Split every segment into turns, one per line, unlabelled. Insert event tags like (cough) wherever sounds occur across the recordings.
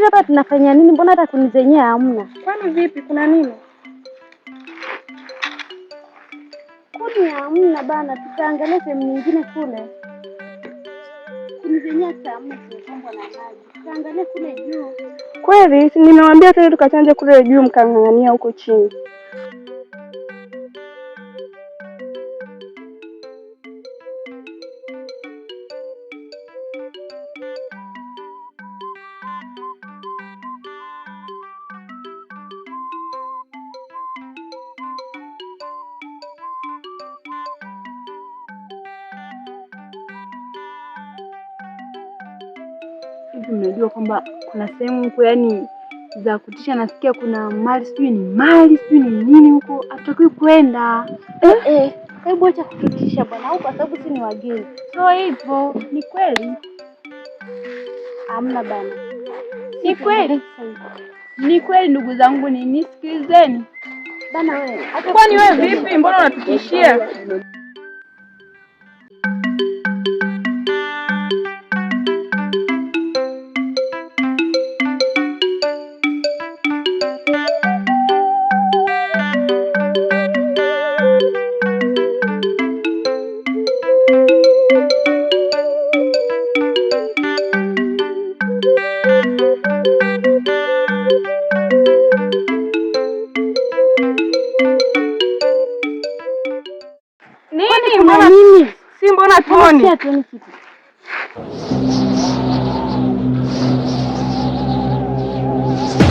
hivi hapa tunafanya nini? Mbona hata kuni zenyewe hamna?
Kwani vipi, kuna nini?
Kuni hamna bana, tutaangalia sehemu nyingine kule. Kuni zenyewe hamna, zimepambwa na maji. Tutaangalia kule juu.
Kweli nimewambia tena tukachanje kule juu, mkang'ang'ania huko chini. hivi mnajua kwamba kuna sehemu huko yani za kutisha, nasikia kuna mali sijui ni mali sijui ni nini huko, hatutakiwi kwenda
eh, eh. Hebu eh, acha kututisha bwana huko, kwa sababu si ni wageni.
So hivyo ni kweli? Amna bana, ni kweli, ni kweli ndugu zangu, ni nisikilizeni bana. Wewe kwani wewe vipi? Mbona unatutishia? Yeah, 20 people. Thank you.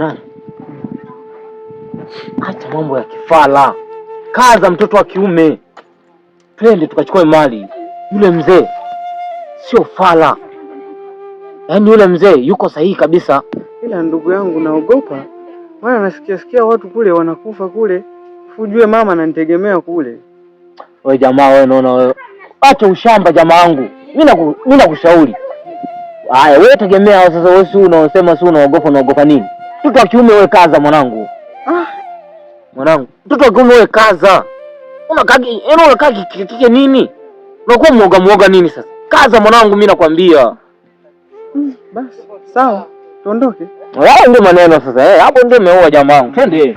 nani? Acha mambo ya kifala, kaza mtoto wa kiume, twende tukachukue mali. Yule mzee sio fala, yaani yule mzee yuko sahihi kabisa.
Ila ndugu yangu, naogopa, maana nasikia sikia watu kule wanakufa kule, fujue mama ananitegemea kule.
We jamaa wewe, naona wewe acha ushamba jamaa wangu, mimi nakushauri haya. Wewe tegemea sasa, wewe si unaosema si unaogopa, unaogopa nini? Mtoto wa kiume wewe kaza mwanangu. Ah. Mwanangu, mtoto wa kiume wewe kaza. Unakaa yaani nini? Unakuwa mwoga mwoga nini sasa? Kaza mwanangu mimi nakwambia.
Mm, basi. Sawa. Tuondoke.
Wao ndio maneno sasa. Eh, hapo ndio umeoa jamaa wangu. Twende.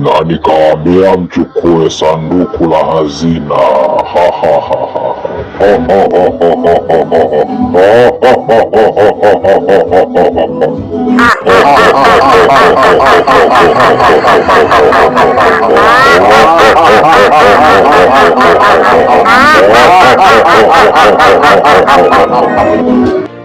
na nikawambia mchukue sanduku la hazina. (laughs)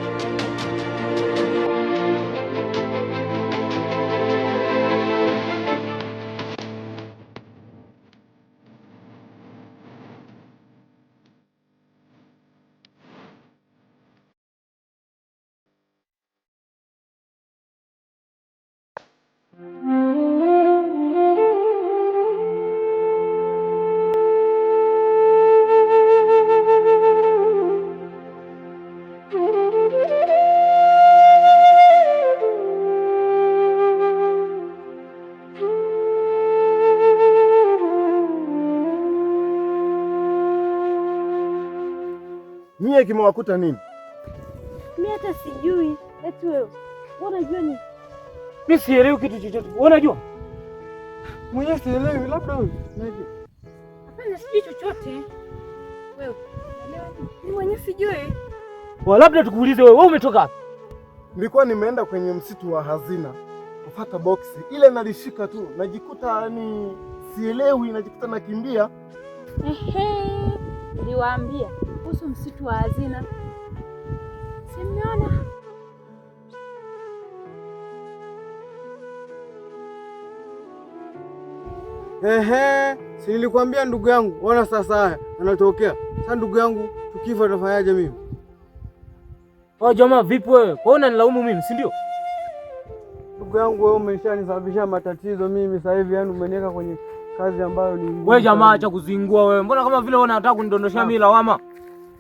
kimewakuta nini?
Mimi hata sijui. Eti wewe unajua nini?
Mimi sielewi kitu chochote. Wewe unajua?
Mwenye sielewi, labda wewe
Hapana, sijui chochote. Wewe mwenye sijui.
Wa labda tukuulize wewe, wewe umetoka wapi?
Nilikuwa nimeenda kwenye msitu wa hazina kufata boksi ile, nalishika tu najikuta, ni sielewi, najikuta nakimbia.
Ehe, niwaambia kuhusu msitu wa hazina, Simeona.
Ehe, si nilikwambia ndugu yangu, ona sasa haya anatokea. Sasa ndugu yangu, tukifa tafanyaje mimi?
Oh, jamaa vipi wewe? Kwa nini unanilaumu mimi, si ndio?
Ndugu yangu wewe umenishanisababishia matatizo mimi sasa hivi, yani umeniweka kwenye kazi ambayo ni
wewe. Jamaa acha kuzingua wewe, mbona kama vile unataka kunidondoshia ah. mimi lawama?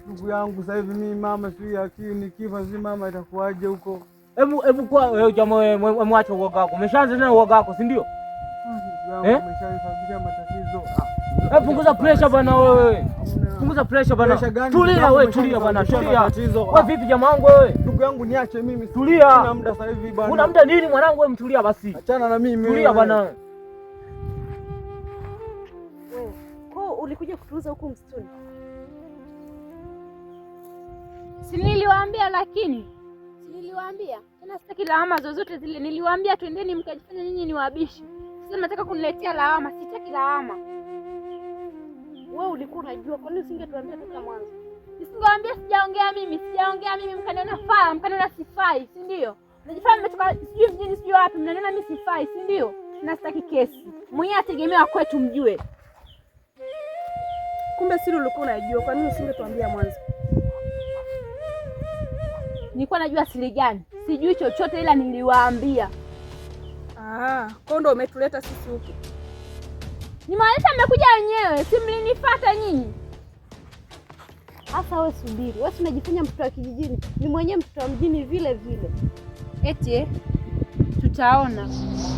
ndugu yangu, sasa hivi mimi mama si akili ni nikifa, si mama itakuwaje huko?
Hebu hebu kwa wewe jamaa, wewe mwache uoga wako, umeshaanza tena uoga wako, si ndio?
Ah, eh, umeshaanza matatizo.
Ah, eh, punguza pressure bwana wewe. Punguza pressure bwana. Tulia wewe, tulia bwana, tulia. Wewe ah. vipi jamaa wangu wewe?
Ndugu yangu niache mimi.
Tulia. Una muda sasa hivi bwana. Una muda nini mwanangu wewe, mtulia basi.
Achana na mimi.
Tulia bwana. Wewe,
kwa ulikuja kutuuza huku msituni? Si niliwaambia lakini. Si niliwaambia. Tena sitaki lawama zozote zile. Niliwaambia twendeni mkajifanya nyinyi ni wabishi. Sasa nataka kuniletea lawama, sitaki lawama. Wewe ulikuwa unajua kwa nini usingetuambia toka mwanzo? Nisingewaambia sijaongea mimi, sijaongea mimi mkaniona faa, mkaniona sifai, si ndio? Najifanya mmetoka sijui mjini sijui wapi, mnaniona mimi sifai, si ndio? Na sitaki kesi. Mwenyewe ategemewa kwetu mjue.
Kumbe siri ulikuwa unajua, kwa nini usingetuambia mwanzo?
Nilikuwa najua siri gani? Sijui chochote, ila niliwaambia.
Ah, ndo umetuleta sisi huku?
Nimewaleta, mmekuja wenyewe, si mlinifata nyinyi? Hasa we subiri, we unajifanya mtoto wa kijijini, ni mwenyewe mtoto wa mjini vile vile. Eti tutaona.